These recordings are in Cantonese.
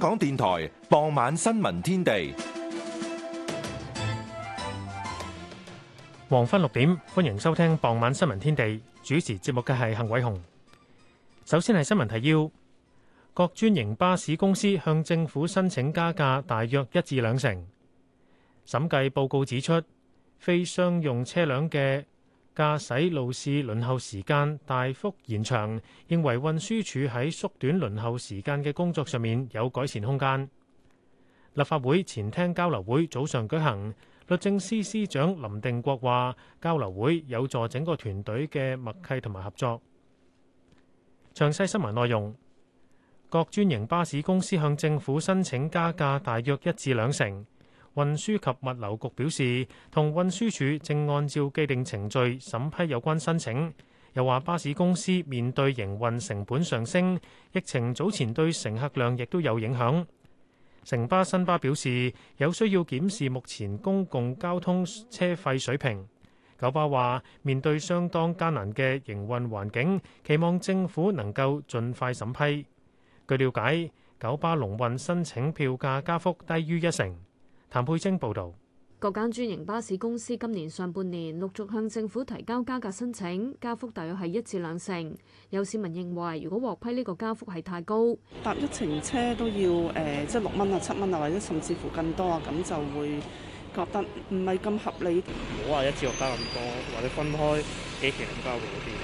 港電台傍晚新聞天地，黃昏六點，歡迎收聽傍晚新聞天地。主持節目嘅係幸偉雄。首先係新聞提要：各專營巴士公司向政府申請加價，大約一至兩成。審計報告指出，非商用車輛嘅駕駛路試輪候時間大幅延長，認為運輸署喺縮短輪候時間嘅工作上面有改善空間。立法會前廳交流會早上舉行，律政司司長林定國話：交流會有助整個團隊嘅默契同埋合作。詳細新聞內容，各專營巴士公司向政府申請加價大約一至兩成。運輸及物流局表示，同運輸署正按照既定程序審批有關申請。又話巴士公司面對營運成本上升，疫情早前對乘客量亦都有影響。城巴、新巴表示有需要檢視目前公共交通車費水平。九巴話面對相當艱難嘅營運環境，期望政府能夠盡快審批。據了解，九巴龍運申請票價加幅低於一成。譚佩晶報道，各間專營巴士公司今年上半年陸續向政府提交加價申請，加幅大約係一至兩成。有市民認為，如果獲批呢個加幅係太高，搭一程車都要誒，即係六蚊啊，七蚊啊，或者甚至乎更多啊，咁就會覺得唔係咁合理。唔好話一次過加咁多，或者分開幾期加會好啲。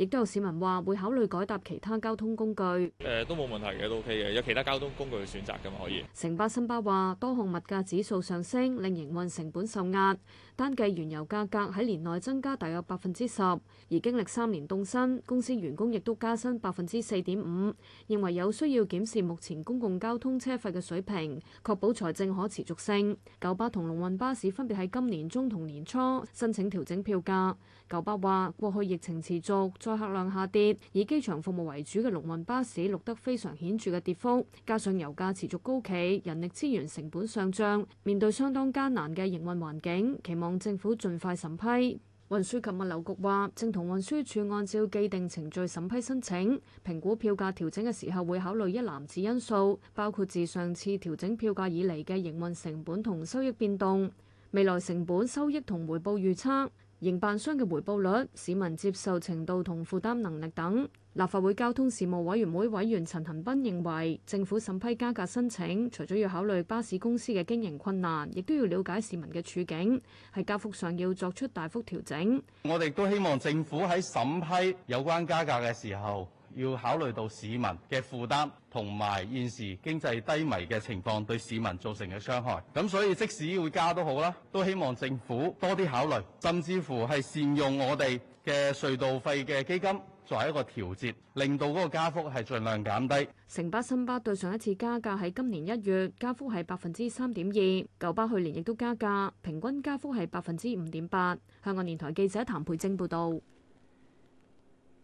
亦都有市民話會考慮改搭其他交通工具。誒、呃、都冇問題嘅，都 OK 嘅，有其他交通工具選擇嘅嘛，可以。城巴新巴話，多項物價指數上升，令營運成本受壓。單計原油價格喺年內增加大約百分之十，而經歷三年凍薪，公司員工亦都加薪百分之四點五。認為有需要檢視目前公共交通車費嘅水平，確保財政可持續性。九巴同龍運巴士分別喺今年中同年初申請調整票價。九巴話：過去疫情持續，載客量下跌，以機場服務為主嘅龍運巴士錄得非常顯著嘅跌幅，加上油價持續高企，人力資源成本上漲，面對相當艱難嘅營運環境，期望望政府盡快審批。運輸及物流局話，正同運輸署按照既定程序審批申請。評估票價調整嘅時候會考慮一籃子因素，包括自上次調整票價以嚟嘅營運成本同收益變動、未來成本收益同回報預測。營辦商嘅回報率、市民接受程度同負擔能力等，立法會交通事務委員會委員陳恒斌認為，政府審批加價申請，除咗要考慮巴士公司嘅經營困難，亦都要了解市民嘅處境，喺加幅上要作出大幅調整。我哋都希望政府喺審批有關加價嘅時候，要考慮到市民嘅負擔，同埋現時經濟低迷嘅情況對市民造成嘅傷害。咁所以即使要加都好啦，都希望政府多啲考慮，甚至乎係善用我哋嘅隧道費嘅基金作為一個調節，令到嗰個加幅係儘量減低。城巴、新巴對上一次加價喺今年一月，加幅係百分之三點二，九巴去年亦都加價，平均加幅係百分之五點八。香港電台記者譚佩貞報導。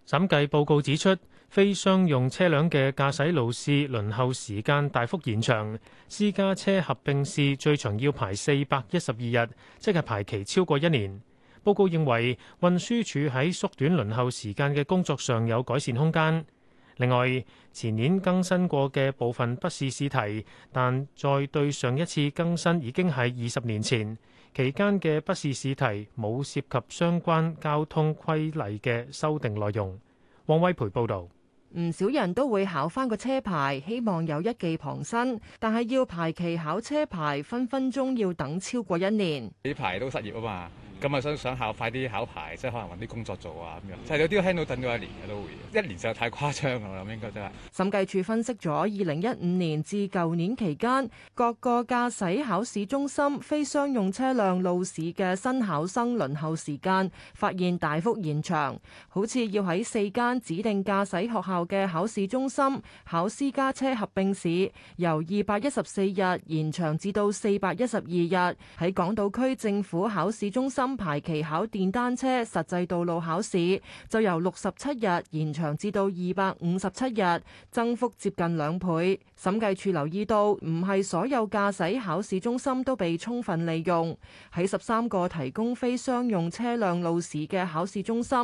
審計報告指出。非商用車輛嘅駕駛路試輪候時間大幅延長，私家車合併試最長要排四百一十二日，即係排期超過一年。報告認為運輸署喺縮短輪候時間嘅工作上有改善空間。另外，前年更新過嘅部分筆試試題，但再對上一次更新已經係二十年前，期間嘅筆試試題冇涉及相關交通規例嘅修訂內容。王威培報導。唔少人都會考翻個車牌，希望有一技傍身。但係要排期考車牌，分分鐘要等超過一年。呢排都失業啊嘛，咁啊想想考快啲考牌，即係可能揾啲工作做啊咁樣。就係有啲聽到等咗一年嘅都會，一年就太誇張啦。我諗應該真係。審計署分析咗二零一五年至舊年期間各個駕駛考試中心非商用車輛路試嘅新考生輪候時間，發現大幅延長，好似要喺四間指定駕駛學校。嘅考試中心考私家車合併試由二百一十四日延長至到四百一十二日，喺港島區政府考試中心排期考電單車實際道路考試就由六十七日延長至到二百五十七日，增幅接近兩倍。審計處留意到，唔係所有駕駛考試中心都被充分利用，喺十三個提供非商用車輛路試嘅考試中心，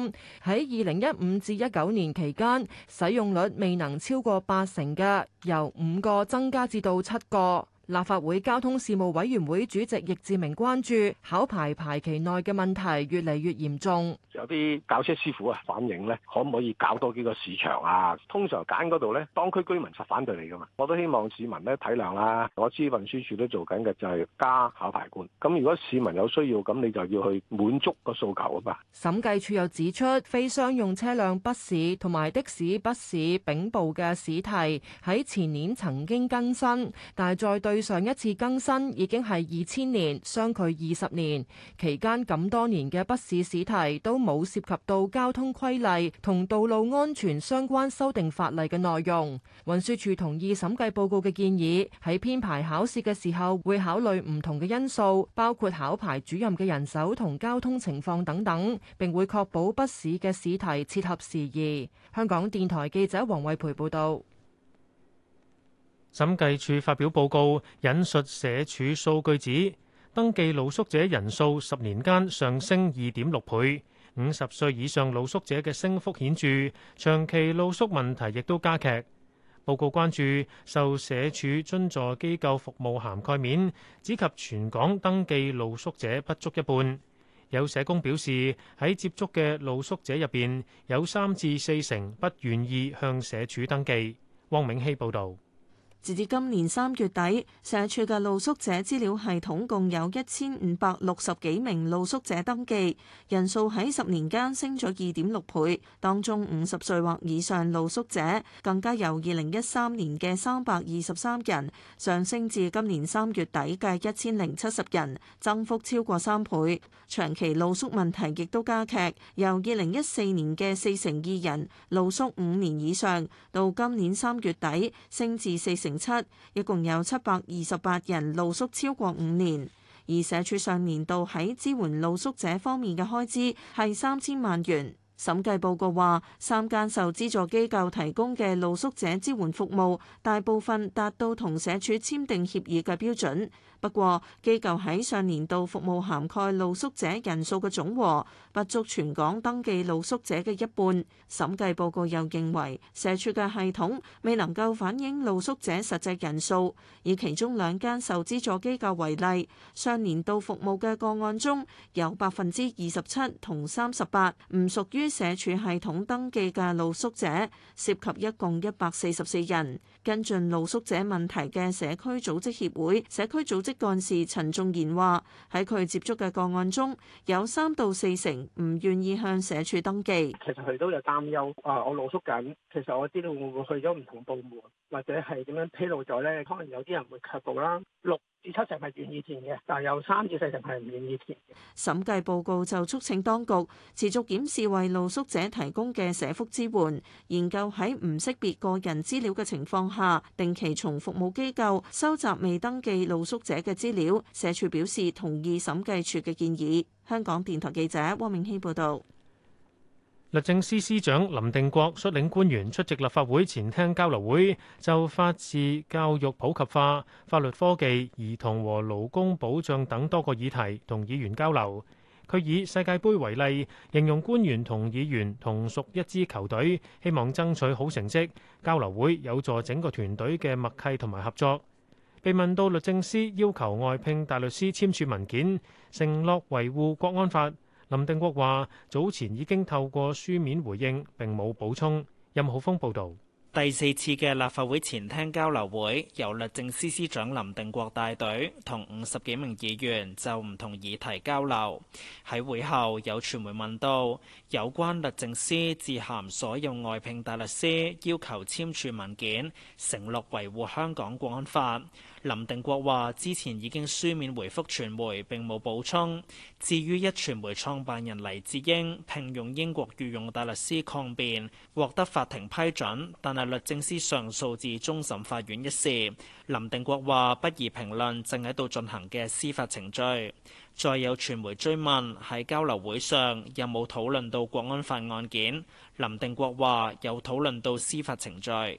喺二零一五至一九年期間使。使用率未能超過八成嘅，由五個增加至到七個。立法會交通事務委員會主席易志明關注考牌排，排期內嘅問題越嚟越嚴重，有啲教車師傅啊反映呢，可唔可以搞多幾個市場啊？通常揀嗰度呢，當區居民實反對你㗎嘛。我都希望市民呢體諒啦。我知運輸署都做緊嘅就係加考牌官。咁如果市民有需要，咁你就要去滿足個訴求啊嘛。審計署又指出，非商用車輛筆試同埋的士筆試丙部嘅試題喺前年曾經更新，但係再對。對上一次更新已經係二千年，相距二十年。期間咁多年嘅筆試試題都冇涉及到交通規例同道路安全相關修訂法例嘅內容。運輸署同意審計報告嘅建議，喺編排考試嘅時候會考慮唔同嘅因素，包括考牌主任嘅人手同交通情況等等，並會確保筆試嘅試題切合時宜。香港電台記者黃惠培報導。審計處發表報告，引述社署數據指，登記露宿者人數十年間上升二點六倍，五十歲以上露宿者嘅升幅顯著，長期露宿問題亦都加劇。報告關注受社署津助機構服務涵蓋面，只及全港登記露宿者不足一半。有社工表示，喺接觸嘅露宿者入面，有三至四成不願意向社署登記。汪明熙報導。截至今年三月底，社署嘅露宿者資料系統共有一千五百六十幾名露宿者登記，人數喺十年間升咗二點六倍。當中五十歲或以上露宿者更加由二零一三年嘅三百二十三人上升至今年三月底嘅一千零七十人，增幅超過三倍。長期露宿問題亦都加劇，由二零一四年嘅四成二人露宿五年以上，到今年三月底升至四成。七一共有七百二十八人露宿超過五年，而社署上年度喺支援露宿者方面嘅開支係三千萬元。審計報告話，三間受資助機構提供嘅露宿者支援服務，大部分達到同社署簽訂協議嘅標準。不過，機構喺上年度服務涵蓋露宿者人數嘅總和，不足全港登記露宿者嘅一半。審計報告又認為，社署嘅系統未能夠反映露宿者實際人數。以其中兩間受資助機構為例，上年度服務嘅個案中有百分之二十七同三十八唔屬於社署系統登記嘅露宿者，涉及一共一百四十四人。跟進露宿者問題嘅社區組織協會社區組織幹事陳仲賢話：喺佢接觸嘅個案中，有三到四成唔願意向社署登記。其實佢都有擔憂，啊，我露宿緊，其實我知道會唔會去咗唔同部門，或者係點樣披露咗咧？可能有啲人會卻步啦。六註冊成係願意填嘅，但係有三至四成係唔願意填嘅。審計報告就促請當局持續檢視為露宿者提供嘅社福支援，研究喺唔識別個人資料嘅情況下，定期從服務機構收集未登記露宿者嘅資料。社署表示同意審計處嘅建議。香港電台記者汪明希報道。律政司司長林定國率領官員出席立法會前廳交流會，就法治、教育普及化、法律科技、兒童和勞工保障等多個議題同議員交流。佢以世界盃為例，形容官員同議員同屬一支球隊，希望爭取好成績。交流會有助整個團隊嘅默契同埋合作。被問到律政司要求外聘大律師簽署文件，承諾維護國安法。林定國話：早前已經透過書面回應，並冇補充。任浩峰報道，第四次嘅立法會前廳交流會，由律政司司長林定國帶隊，同五十幾名議員就唔同議題交流。喺會後，有傳媒問到有關律政司致函所有外聘大律師，要求簽署文件，承諾維護香港國安法。林定國話：之前已經書面回覆，傳媒並冇補充。至於一傳媒創辦人黎智英聘用英國御用大律師抗辯，獲得法庭批准，但係律政司上訴至終審法院一事，林定國話不宜評論，正喺度進行嘅司法程序。再有傳媒追問喺交流會上有冇討論到國安法案件，林定國話有討論到司法程序。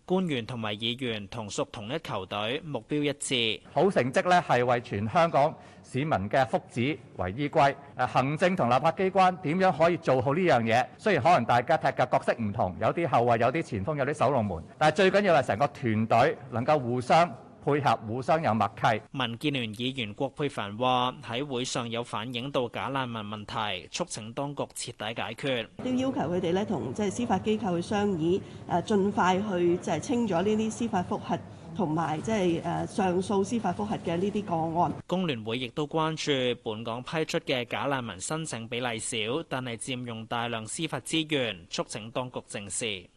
官員同埋議員同屬同一球隊，目標一致。好成績咧係為全香港市民嘅福祉為依歸。誒，行政同立法機關點樣可以做好呢樣嘢？雖然可能大家踢嘅角色唔同，有啲後衞，有啲前鋒，有啲守龍門，但係最緊要係成個團隊能夠互相。配合互相有默契。民建聯議員葛珮帆話：喺會上有反映到假難民問題，促請當局徹底解決。都要求佢哋咧同即係司法機構去商議，誒，盡快去即係清咗呢啲司法覆核同埋即係誒上訴司法覆核嘅呢啲個案。工聯會亦都關注，本港批出嘅假難民申請比例少，但係佔用大量司法資源，促請當局正視。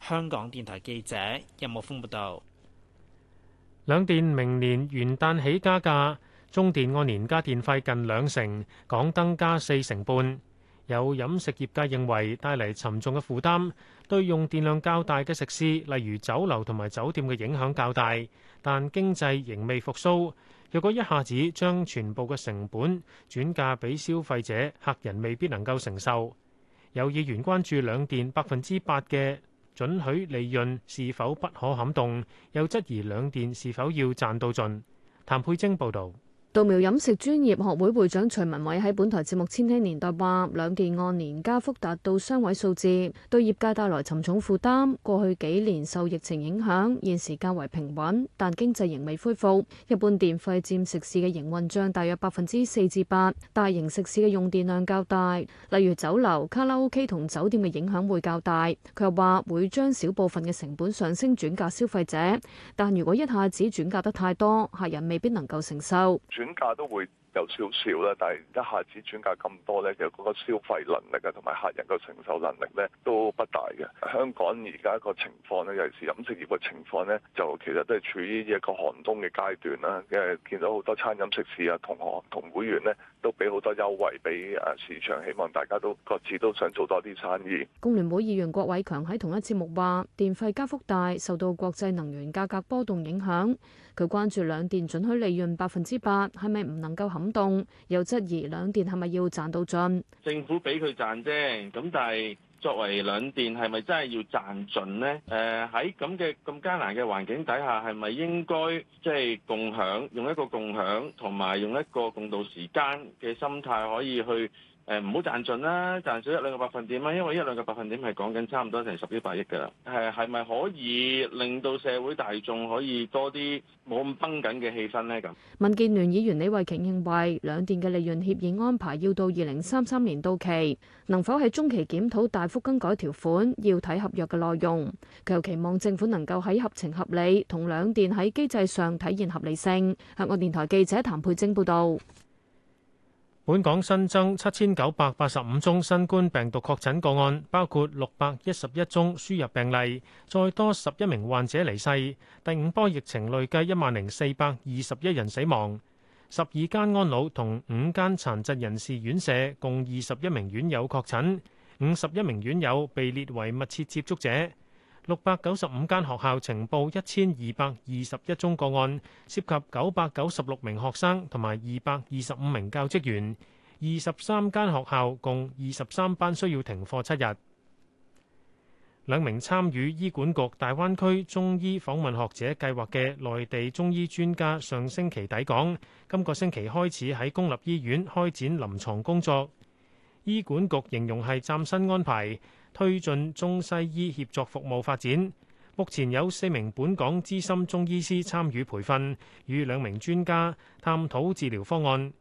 香港電台記者任木風報道。有兩電明年元旦起加價，中電按年加電費近兩成，港燈加四成半。有飲食業界認為帶嚟沉重嘅負擔，對用電量較大嘅食肆，例如酒樓同埋酒店嘅影響較大。但經濟仍未復甦，若果一下子將全部嘅成本轉嫁俾消費者，客人未必能夠承受。有議員關注兩電百分之八嘅准許利潤是否不可撼動，又質疑兩電是否要賺到盡。譚佩晶報導。道苗飲食專業學會會長徐文偉喺本台節目《千禧年代》話：兩電按年加幅達到雙位數字，對業界帶來沉重負擔。過去幾年受疫情影響，現時較為平穩，但經濟仍未恢復。一般電費佔食肆嘅營運帳大約百分之四至八，大型食肆嘅用電量較大，例如酒樓、卡拉 OK 同酒店嘅影響會較大。佢又話會將小部分嘅成本上升轉嫁消費者，但如果一下子轉嫁得太多，客人未必能夠承受。轉嫁都會有少少啦，但係一下子轉嫁咁多呢，其實嗰個消費能力同埋客人嘅承受能力呢，都不大嘅。香港而家個情況呢，尤其是飲食業嘅情況呢，就其實都係處於一個寒冬嘅階段啦。因為見到好多餐飲食肆啊、同行同會員呢，都俾好多優惠俾誒市場，希望大家都各自都想做多啲生意。工聯會議員郭偉強喺同一節目話：電費加幅大，受到國際能源價格波動影響。佢關注兩電準許利潤百分之八係咪唔能夠撼動，又質疑兩電係咪要賺到盡？政府俾佢賺啫，咁但係作為兩電係咪真係要賺盡呢？誒喺咁嘅咁艱難嘅環境底下，係咪應該即係、就是、共享，用一個共享同埋用一個共度時艱嘅心態可以去？誒唔好賺盡啦，賺少一兩個百分點啦，因為一兩個百分點係講緊差唔多成十億百億㗎啦。係係咪可以令到社會大眾可以多啲冇咁崩緊嘅氣氛呢？咁民建聯議員李慧瓊認為，兩電嘅利潤協議安排要到二零三三年到期，能否喺中期檢討大幅更改條款，要睇合約嘅內容。佢又期望政府能夠喺合情合理同兩電喺機制上體現合理性。香港電台記者譚佩晶報導。本港新增七千九百八十五宗新冠病毒確診個案，包括六百一十一宗輸入病例，再多十一名患者離世。第五波疫情累計一萬零四百二十一人死亡。十二間安老同五間殘疾人士院舍共二十一名院友確診，五十一名院友被列為密切接觸者。六百九十五間學校呈報一千二百二十一宗個案，涉及九百九十六名學生同埋二百二十五名教職員，二十三間學校共二十三班需要停課七日。兩名參與醫管局大灣區中醫訪問學者計劃嘅內地中醫專家上星期抵港，今個星期開始喺公立醫院開展臨床工作。醫管局形容係嶄新安排，推進中西醫協作服務發展，目前有四名本港資深中醫師參與培訓，與兩名專家探討治療方案。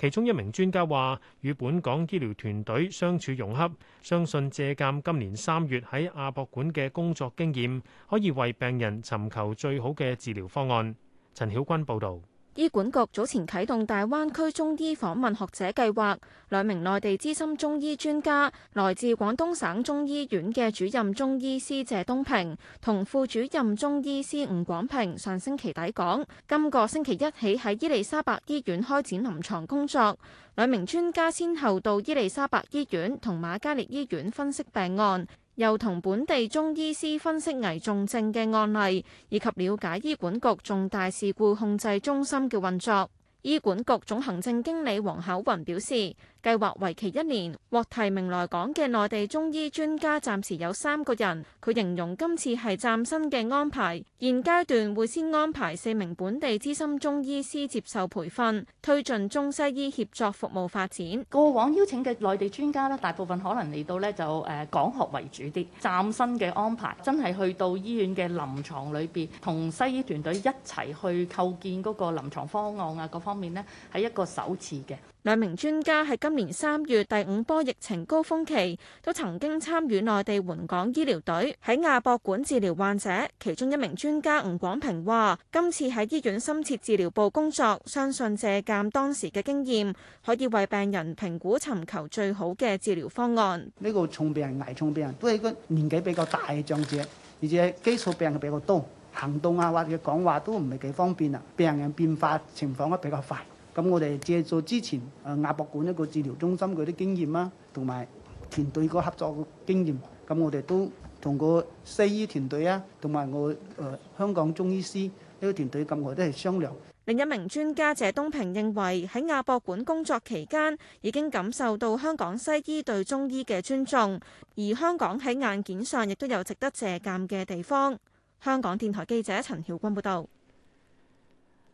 其中一名專家話，與本港醫療團隊相處融洽，相信借鑑今年三月喺亞博館嘅工作經驗，可以為病人尋求最好嘅治療方案。陳曉君報導。醫管局早前啟動大灣區中醫訪問學者計劃，兩名內地資深中醫專家，來自廣東省中醫院嘅主任中醫師謝東平同副主任中醫師吳廣平，上星期抵港，今個星期一起喺伊利沙伯醫院開展臨床工作。兩名專家先後到伊利沙伯醫院同馬嘉烈醫院分析病案。又同本地中醫師分析危重症嘅案例，以及了解醫管局重大事故控制中心嘅運作。醫管局總行政經理黃巧雲表示。計劃為期一年，獲提名來港嘅內地中醫專家暫時有三個人。佢形容今次係嶄新嘅安排，現階段會先安排四名本地資深中醫師接受培訓，推進中西醫協作服務發展。過往邀請嘅內地專家咧，大部分可能嚟到咧就誒講學為主啲。嶄新嘅安排真係去到醫院嘅臨床裏邊，同西醫團隊一齊去構建嗰個臨牀方案啊，各方面呢係一個首次嘅。兩名專家喺今年三月第五波疫情高峰期都曾經參與內地援港醫療隊喺亞博館治療患者，其中一名專家吳廣平話，今次喺醫院深切治療部工作，相信借鑒當時嘅經驗，可以為病人評估，尋求最好嘅治療方案。呢個重病人，危重病人都係個年紀比較大嘅長者，而且基礎病又比較多，行動啊或者講話都唔係幾方便啊，病人變化情況都比較快。咁我哋借助之前誒亞博館一個治療中心佢啲經驗啦、啊，同埋團隊個合作經驗，咁我哋都同個西醫團隊啊，同埋我誒、呃、香港中醫師呢個團隊，咁我都係商量。另一名專家謝東平認為喺亞博館工作期間已經感受到香港西醫對中醫嘅尊重，而香港喺硬件上亦都有值得借鑒嘅地方。香港電台記者陳曉君報道。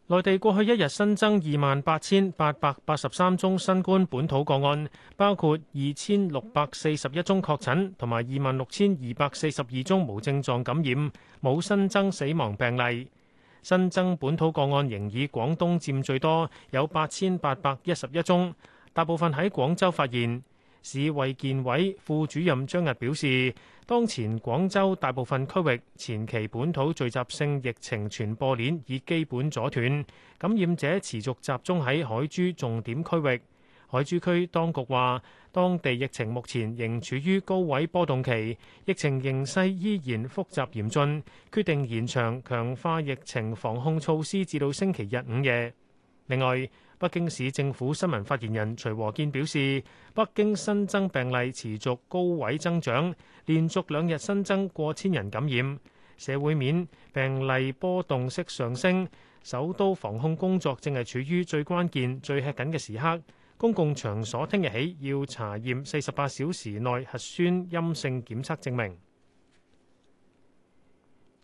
內地過去一日新增二萬八千八百八十三宗新冠本土個案，包括二千六百四十一宗確診，同埋二萬六千二百四十二宗無症狀感染，冇新增死亡病例。新增本土個案仍以廣東佔最多，有八千八百一十一宗，大部分喺廣州發現。市衛健委副主任張日表示。當前廣州大部分區域前期本土聚集性疫情傳播鏈已基本阻斷，感染者持續集中喺海珠重點區域。海珠區當局話，當地疫情目前仍處於高位波動期，疫情形勢依然複雜嚴峻，決定延長強化疫情防控措施至到星期日午夜。另外，北京市政府新聞發言人徐和建表示，北京新增病例持續高位增長，連續兩日新增過千人感染。社會面病例波動式上升，首都防控工作正係處於最關鍵、最吃緊嘅時刻。公共場所聽日起要查驗四十八小時內核酸陰性檢測證明。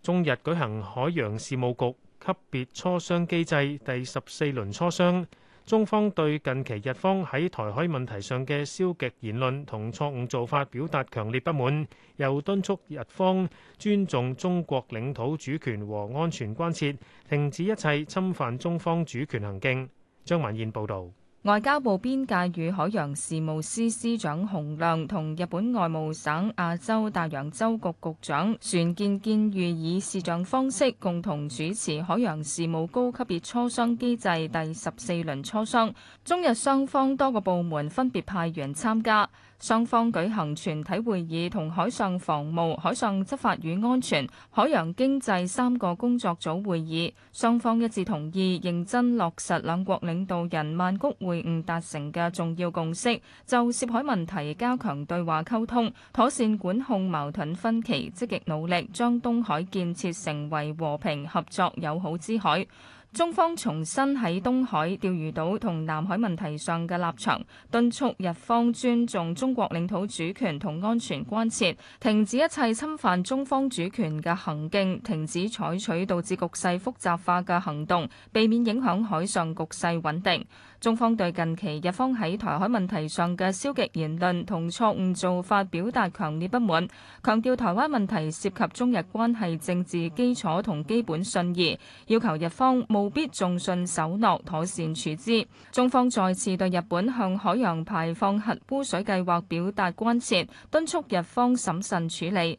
中日舉行海洋事務局級別磋商機制第十四輪磋商。中方對近期日方喺台海問題上嘅消極言論同錯誤做法表達強烈不滿，又敦促日方尊重中國領土主權和安全關切，停止一切侵犯中方主權行徑。張文燕報導。外交部邊界與海洋事務司司長洪亮同日本外務省亞洲大洋洲局局長船越健裕以視像方式共同主持海洋事務高級別磋商機制第十四輪磋商，中日雙方多個部門分別派員參加。雙方舉行全體會議同海上防務、海上執法與安全、海洋經濟三個工作組會議。雙方一致同意，認真落實兩國領導人曼谷會晤達成嘅重要共識，就涉海問題加強對話溝通，妥善管控矛盾分歧，積極努力將東海建設成為和平、合作、友好之海。中方重申喺東海、釣魚島同南海問題上嘅立場，敦促日方尊重中國領土主權同安全關切，停止一切侵犯中方主權嘅行徑，停止採取導致局勢複雜化嘅行動，避免影響海上局勢穩定。中方對近期日方喺台海問題上嘅消極言論同錯誤做法表達強烈不滿，強調台灣問題涉及中日關係政治基礎同基本信義，要求日方務必重信守諾，妥善處置。中方再次對日本向海洋排放核污水計劃表達關切，敦促日方審慎處理。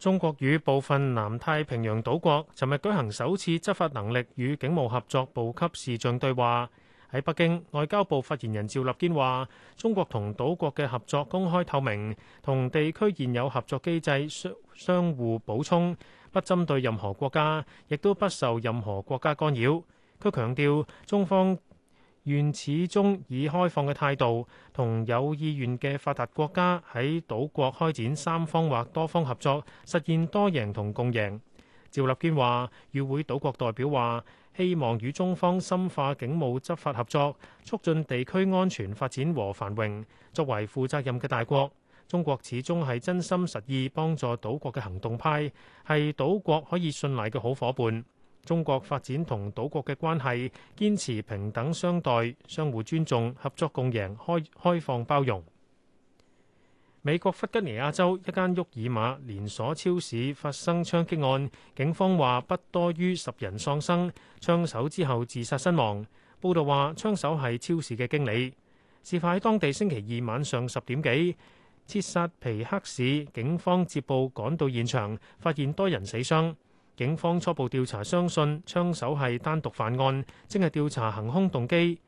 中國與部分南太平洋島國尋日舉行首次執法能力與警務合作部級視像對話。喺北京，外交部發言人趙立堅話，中國同島國嘅合作公開透明，同地區現有合作機制相相互補充，不針對任何國家，亦都不受任何國家干擾。佢強調，中方，願始終以開放嘅態度，同有意願嘅發達國家喺島國開展三方或多方合作，實現多贏同共贏。趙立堅話，與會島國代表話，希望與中方深化警務執法合作，促進地區安全發展和繁榮。作為負責任嘅大國，中國始終係真心實意幫助島國嘅行動派，係島國可以信賴嘅好伙伴。中國發展同島國嘅關係，堅持平等相待、相互尊重、合作共贏、開開放包容。美國弗吉尼亞州一間沃爾瑪連鎖超市發生槍擊案，警方話不多於十人喪生，槍手之後自殺身亡。報道話槍手係超市嘅經理。事發喺當地星期二晚上十點幾，切薩皮克市警方接報趕到現場，發現多人死傷。警方初步調查相信槍手係單獨犯案，正係調查行兇動機。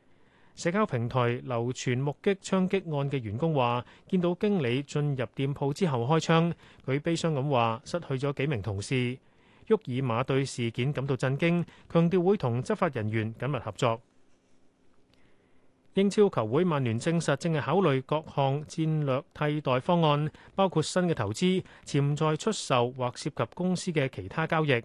社交平台流傳目擊槍擊案嘅員工話，見到經理進入店鋪之後開槍。佢悲傷咁話，失去咗幾名同事。沃爾瑪對事件感到震驚，強調會同執法人員緊密合作。英超球會曼聯證實正係考慮各項戰略替代方案，包括新嘅投資、潛在出售或涉及公司嘅其他交易。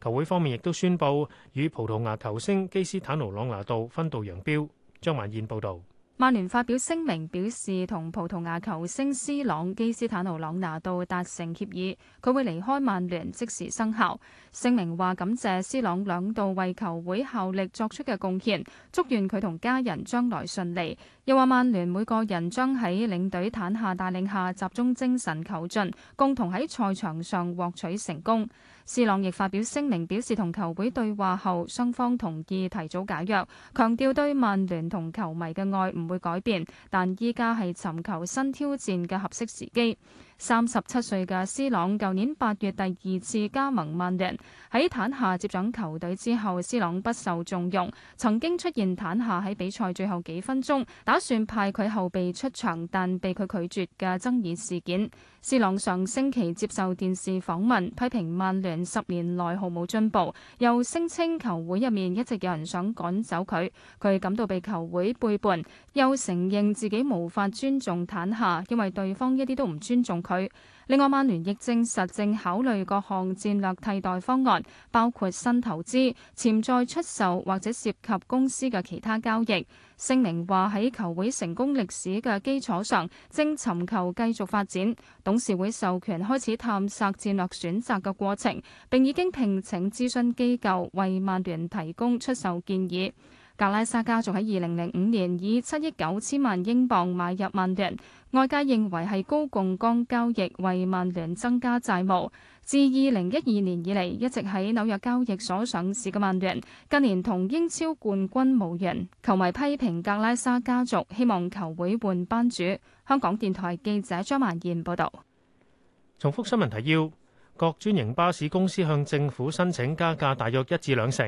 球會方面亦都宣布與葡萄牙球星基斯坦奴·朗拿度分道揚鑣。張曼燕報道。曼聯發表聲明表示同葡萄牙球星斯朗基斯坦奴朗拿度達成協議，佢會離開曼聯即時生效。聲明話感謝斯朗兩度為球會效力作出嘅貢獻，祝願佢同家人將來順利。又話曼聯每個人將喺領隊坦下帶領下集中精神求進，共同喺賽場上獲取成功。斯朗亦發表聲明表示同球會對話後，雙方同意提早解約，強調對曼聯同球迷嘅愛唔。會改變，但依家係尋求新挑戰嘅合適時機。三十七歲嘅 C 朗，舊年八月第二次加盟曼聯，喺坦夏接掌球隊之後，C 朗不受重用，曾經出現坦夏喺比賽最後幾分鐘打算派佢後備出場，但被佢拒絕嘅爭議事件。C 朗上星期接受電視訪問，批評曼聯十年內毫無進步，又聲稱球會入面一直有人想趕走佢，佢感到被球會背叛，又承認自己無法尊重坦夏，因為對方一啲都唔尊重。佢。另外，曼聯亦證實正考慮各項戰略替代方案，包括新投資、潛在出售或者涉及公司嘅其他交易。聲明話喺球會成功歷史嘅基礎上，正尋求繼續發展。董事會授權開始探索戰略選擇嘅過程，並已經聘請諮詢機構為曼聯提供出售建議。格拉沙家族喺二零零五年以七億九千萬英鎊買入曼聯，外界認為係高槓桿交易，為曼聯增加債務。自二零一二年以嚟一直喺紐約交易所上市嘅曼聯，近年同英超冠軍無緣，球迷批評格拉沙家族，希望球會換班主。香港電台記者張曼燕報道。重復新聞提要，各專營巴士公司向政府申請加價大約一至兩成。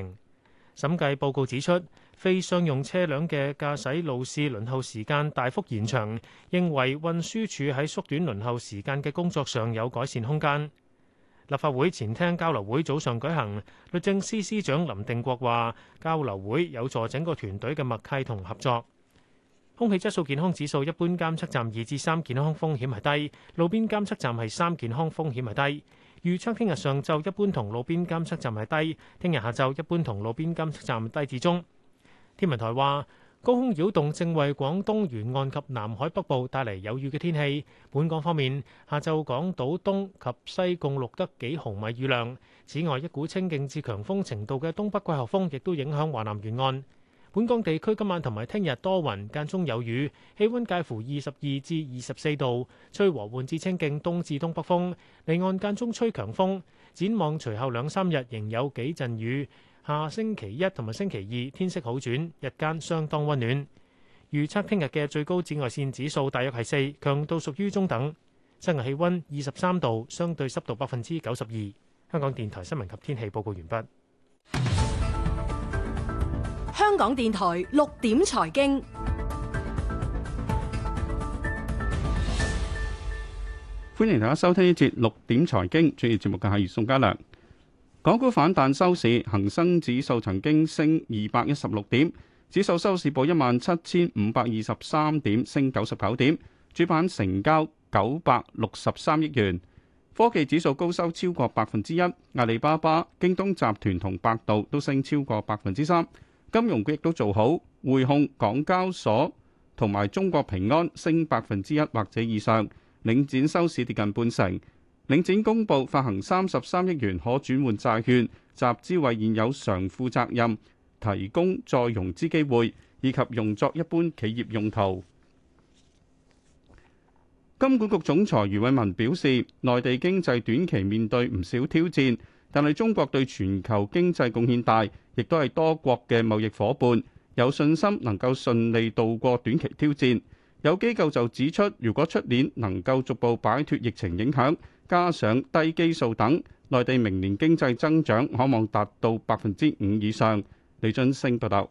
審計報告指出。非商用車輛嘅駕駛路試輪候時間大幅延長，認為運輸署喺縮短輪候時間嘅工作上有改善空間。立法會前廳交流會早上舉行，律政司司長林定國話：交流會有助整個團隊嘅默契同合作。空氣質素健康指數一般監測站二至三，健康風險係低，路邊監測站係三，健康風險係低。預測聽日上晝一般同路邊監測站係低，聽日下晝一般同路邊監測站低至中。天文台話高空擾動正為廣東沿岸及南海北部帶嚟有雨嘅天氣，本港方面，下晝港島東及西共錄得幾毫米雨量。此外，一股清勁至強風程度嘅東北季候風亦都影響華南沿岸。本港地區今晚同埋聽日多雲，間中有雨，氣溫介乎二十二至二十四度，吹和緩至清勁東至東北風，離岸間中吹強風，展望隨後兩三日仍有幾陣雨。下星期一同埋星期二天色好轉，日間相當溫暖。預測聽日嘅最高紫外線指數大約係四，強度屬於中等。室外氣溫二十三度，相對濕度百分之九十二。香港電台新聞及天氣報告完畢。香港電台六點財經，歡迎大家收聽呢節六點財經專業節目嘅係宋家良。港股反彈收市，恆生指數曾經升二百一十六點，指數收市報一萬七千五百二十三點，升九十九點，主板成交九百六十三億元。科技指數高收超過百分之一，阿里巴巴、京東集團同百度都升超過百分之三。金融股亦都做好，匯控、港交所同埋中國平安升百分之一或者以上，領展收市跌近半成。領展公布發行三十三億元可轉換債券，集資為現有償付責任提供再融資機會，以及用作一般企業用途。金管局總裁余偉文表示，內地經濟短期面對唔少挑戰，但係中國對全球經濟貢獻大，亦都係多國嘅貿易伙伴，有信心能夠順利度過短期挑戰。有機構就指出，如果出年能夠逐步擺脫疫情影響。加上低基數等，內地明年經濟增長可望達到百分之五以上。李俊升報道，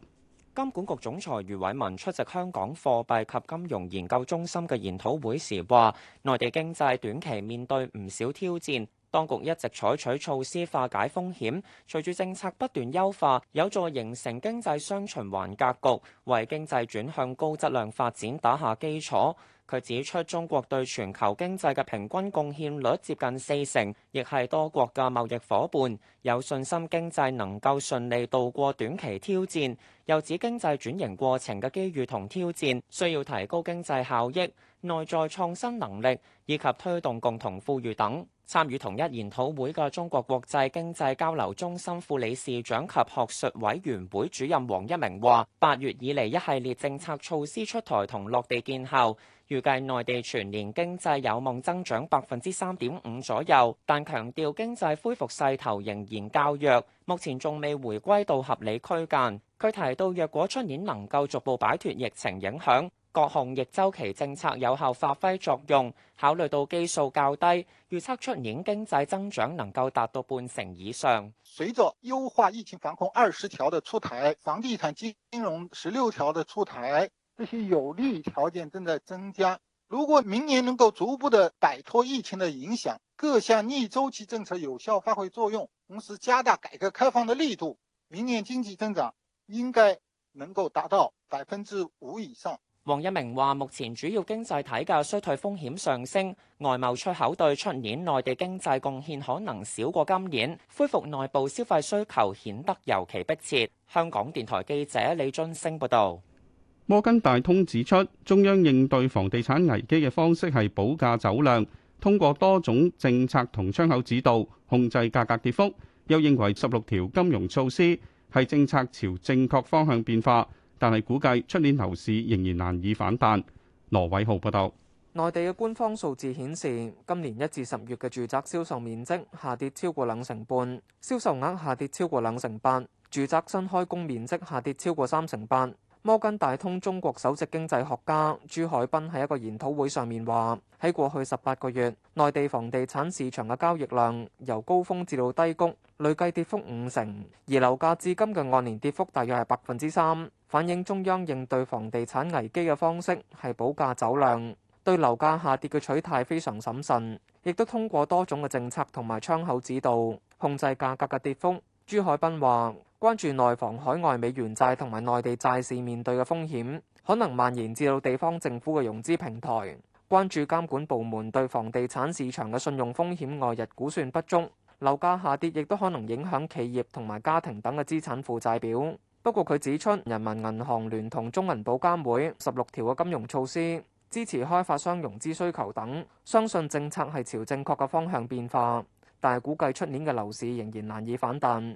金管局總裁余偉文出席香港貨幣及金融研究中心嘅研討會時話，內地經濟短期面對唔少挑戰，當局一直採取措施化解風險，隨住政策不斷優化，有助形成經濟雙循環格局，為經濟轉向高質量發展打下基礎。佢指出，中國對全球經濟嘅平均貢獻率接近四成，亦係多國嘅貿易伙伴有信心經濟能夠順利度過短期挑戰。又指經濟轉型過程嘅機遇同挑戰，需要提高經濟效益。內在創新能力以及推動共同富裕等，參與同一研討會嘅中國國際經濟交流中心副理事長及學術委員會主任王一鳴話：八月以嚟一系列政策措施出台同落地見效後，預計內地全年經濟有望增長百分之三點五左右，但強調經濟恢復勢頭仍然較弱，目前仲未回歸到合理區間。佢提到，若果出年能夠逐步擺脫疫情影響。各項逆周期政策有效發揮作用，考慮到基數較低，預測出年經濟增長能夠達到半成以上。隨着優化疫情防控二十條的出台，房地產金融十六條的出台，這些有利條件正在增加。如果明年能夠逐步的擺脱疫情的影響，各項逆周期政策有效發揮作用，同時加大改革開放的力度，明年經濟增長應該能夠達到百分之五以上。王一鳴話：目前主要經濟體嘅衰退風險上升，外貿出口對出年內地經濟貢獻可能少過今年，恢復內部消費需求顯得尤其迫切。香港電台記者李津升報導。摩根大通指出，中央應對房地產危機嘅方式係保價走量，通過多種政策同窗口指導控制價格跌幅。又認為十六條金融措施係政策朝正確方向變化。但係估計出年樓市仍然難以反彈。羅偉浩報導，內地嘅官方數字顯示，今年一至十月嘅住宅銷售面積下跌超過兩成半，銷售額下跌超過兩成半，住宅新開工面積下跌超過三成半。摩根大通中國首席經濟學家朱海斌喺一個研討會上面話，喺過去十八個月，內地房地產市場嘅交易量由高峰至到低谷，累計跌幅五成，而樓價至今嘅按年跌幅大約係百分之三，反映中央應對房地產危機嘅方式係保價走量，對樓價下跌嘅取態非常審慎，亦都通過多種嘅政策同埋窗口指導控制價格嘅跌幅。朱海斌話。關注內房海外美元債同埋內地債市面對嘅風險，可能蔓延至到地方政府嘅融資平台。關注監管部門對房地產市場嘅信用風險外溢估算不足，樓價下跌亦都可能影響企業同埋家庭等嘅資產負債表。不過佢指出，人民銀行聯同中銀保監會十六條嘅金融措施，支持開發商融資需求等，相信政策係朝正確嘅方向變化。但係估計出年嘅樓市仍然難以反彈。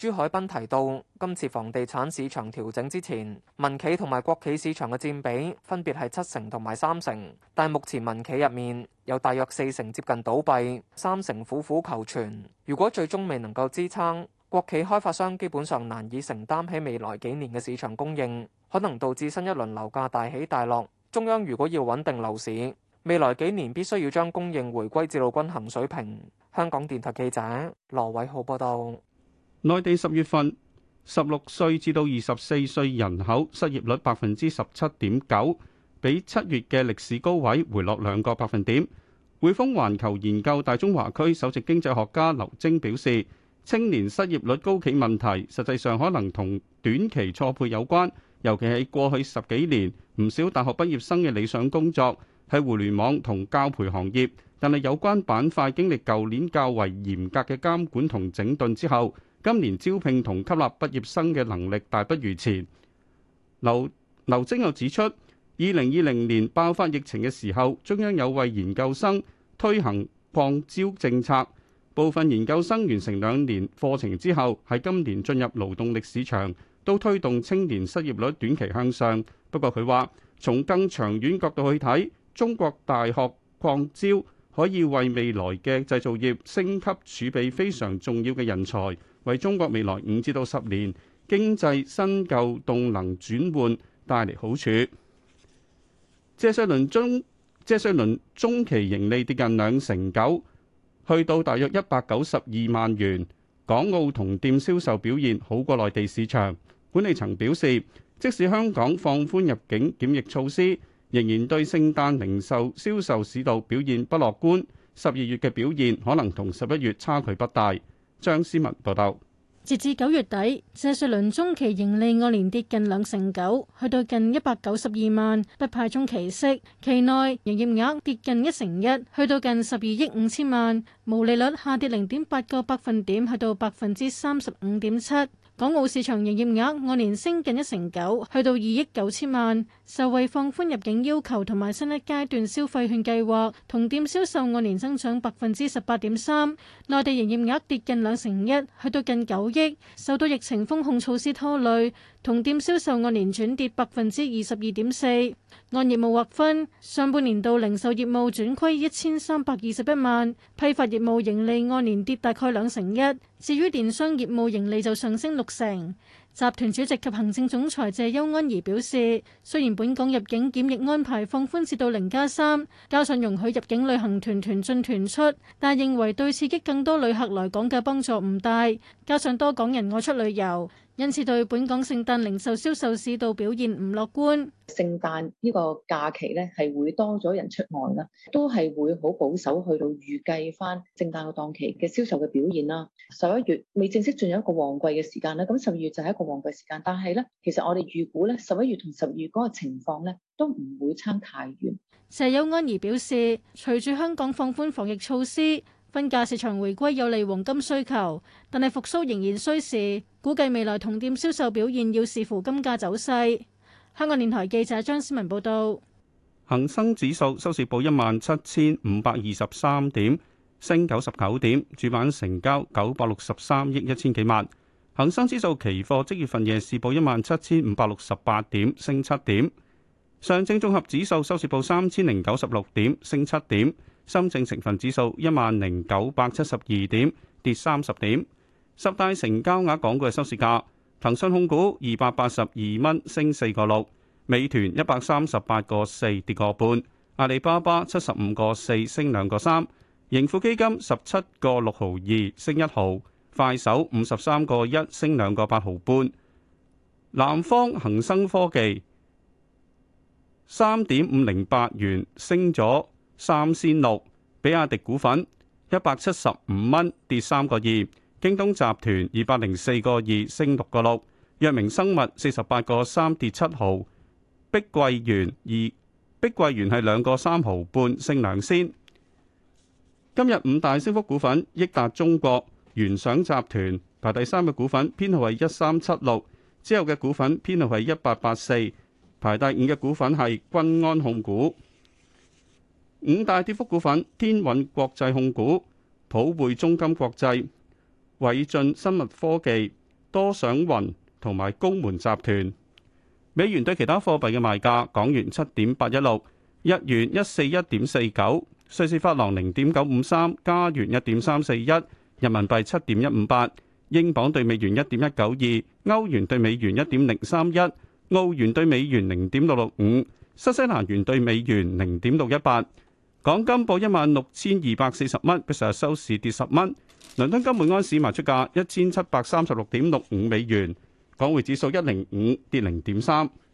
朱海斌提到，今次房地產市場調整之前，民企同埋國企市場嘅佔比分別係七成同埋三成，但目前民企入面有大約四成接近倒閉，三成苦苦求存。如果最終未能夠支撐，國企開發商基本上難以承擔起未來幾年嘅市場供應，可能導致新一輪樓價大起大落。中央如果要穩定樓市，未來幾年必須要將供應回歸至到均衡水平。香港電台記者羅偉浩報道。內地十月份十六歲至到二十四歲人口失業率百分之十七點九，比七月嘅歷史高位回落兩個百分點。匯豐環球研究大中華區首席經濟學家劉晶表示，青年失業率高企問題實際上可能同短期錯配有關，尤其係過去十幾年唔少大學畢業生嘅理想工作係互聯網同教培行業，但係有關板塊經歷舊年較為嚴格嘅監管同整頓之後，今年招聘同吸納畢業生嘅能力大不如前。劉劉晶又指出，二零二零年爆發疫情嘅時候，中央有為研究生推行擴招政策，部分研究生完成兩年課程之後，喺今年進入勞動力市場，都推動青年失業率短期向上。不過佢話，從更長遠角度去睇，中國大學擴招可以為未來嘅製造業升級儲備非常重要嘅人才。為中國未來五至到十年經濟新舊動能轉換帶嚟好處。謝瑞麟中，謝瑞麟中期盈利跌近兩成九，去到大約一百九十二萬元。港澳同店銷售表現好過內地市場。管理層表示，即使香港放寬入境檢疫措施，仍然對聖誕零售銷售市道表現不樂觀。十二月嘅表現可能同十一月差距不大。張思文報道，截至九月底，謝瑞麟中期盈利按年跌近兩成九，去到近一百九十二萬，不派中期息，期內營業額跌近一成一，去到近十二億五千萬，毛利率下跌零點八個百分點，去到百分之三十五點七。港澳市場營業額按年升近一成九，去到二億九千萬，受惠放寬入境要求同埋新一階段消費券計劃，同店銷售按年增長百分之十八點三。內地營業額跌近兩成一，去到近九億，受到疫情封控措施拖累，同店銷售按年轉跌百分之二十二點四。按業務劃分，上半年度零售業務轉虧一千三百二十一萬，批發業務盈利按年跌大概兩成一。至於電商業務盈利就上升六成，集團主席及行政總裁謝邱安怡表示，雖然本港入境檢疫安排放寬至到零加三，3，加上容許入境旅行團團進團出，但認為對刺激更多旅客來港嘅幫助唔大，加上多港人外出旅遊。因此，對本港聖誕零售銷售市道表現唔樂觀。聖誕呢個假期咧，係會多咗人出外啦，都係會好保守去到預計翻聖誕個檔期嘅銷售嘅表現啦。十一月未正式進入一個旺季嘅時間咧，咁十二月就係一個旺季時間，但係咧，其實我哋預估咧，十一月同十二月嗰個情況咧，都唔會差太遠。謝邱安儀表示，隨住香港放寬防疫措施，婚嫁市場回歸有利黃金需求，但係復甦仍然需時。估計未來同店銷售表現要視乎金價走勢。香港電台記者張思文報道。恒生指數收市報一萬七千五百二十三點，升九十九點。主板成交九百六十三億一千幾萬。恒生指數期貨即月份夜市報一萬七千五百六十八點，升七點。上證綜合指數收市報三千零九十六點，升七點。深證成分指數一萬零九百七十二點，跌三十點。十大成交額港股嘅收市價：騰訊控股二百八十二蚊，升四個六；美團一百三十八個四，跌個半；阿里巴巴七十五個四，升兩個三；盈富基金十七個六毫二，升一毫；快手五十三個一，升兩個八毫半；南方恒生科技三點五零八元，升咗。三仙六，比亞迪股份一百七十五蚊跌三個二，京東集團二百零四個二升六個六，藥明生物四十八個三跌七毫，碧桂園二，碧桂園係兩個三毫半升兩仙。今日五大升幅股份，益達中國、原想集團排第三嘅股份編號係一三七六，之後嘅股份編號係一八八四，排第五嘅股份係君安控股。五大跌幅股份：天韻國際控股、普匯中金國際、偉進生物科技、多想雲同埋高門集團。美元對其他貨幣嘅賣價：港元七點八一六，日元一四一點四九，瑞士法郎零點九五三，加元一點三四一，人民幣七點一五八，英鎊對美元一點一九二，歐元對美元一點零三一，澳元對美元零點六六五，新西蘭元對美元零點六一八。港金報一萬六千二百四十蚊，比上日收市跌十蚊。倫敦金每安士賣出價一千七百三十六點六五美元。港匯指數一零五，跌零點三。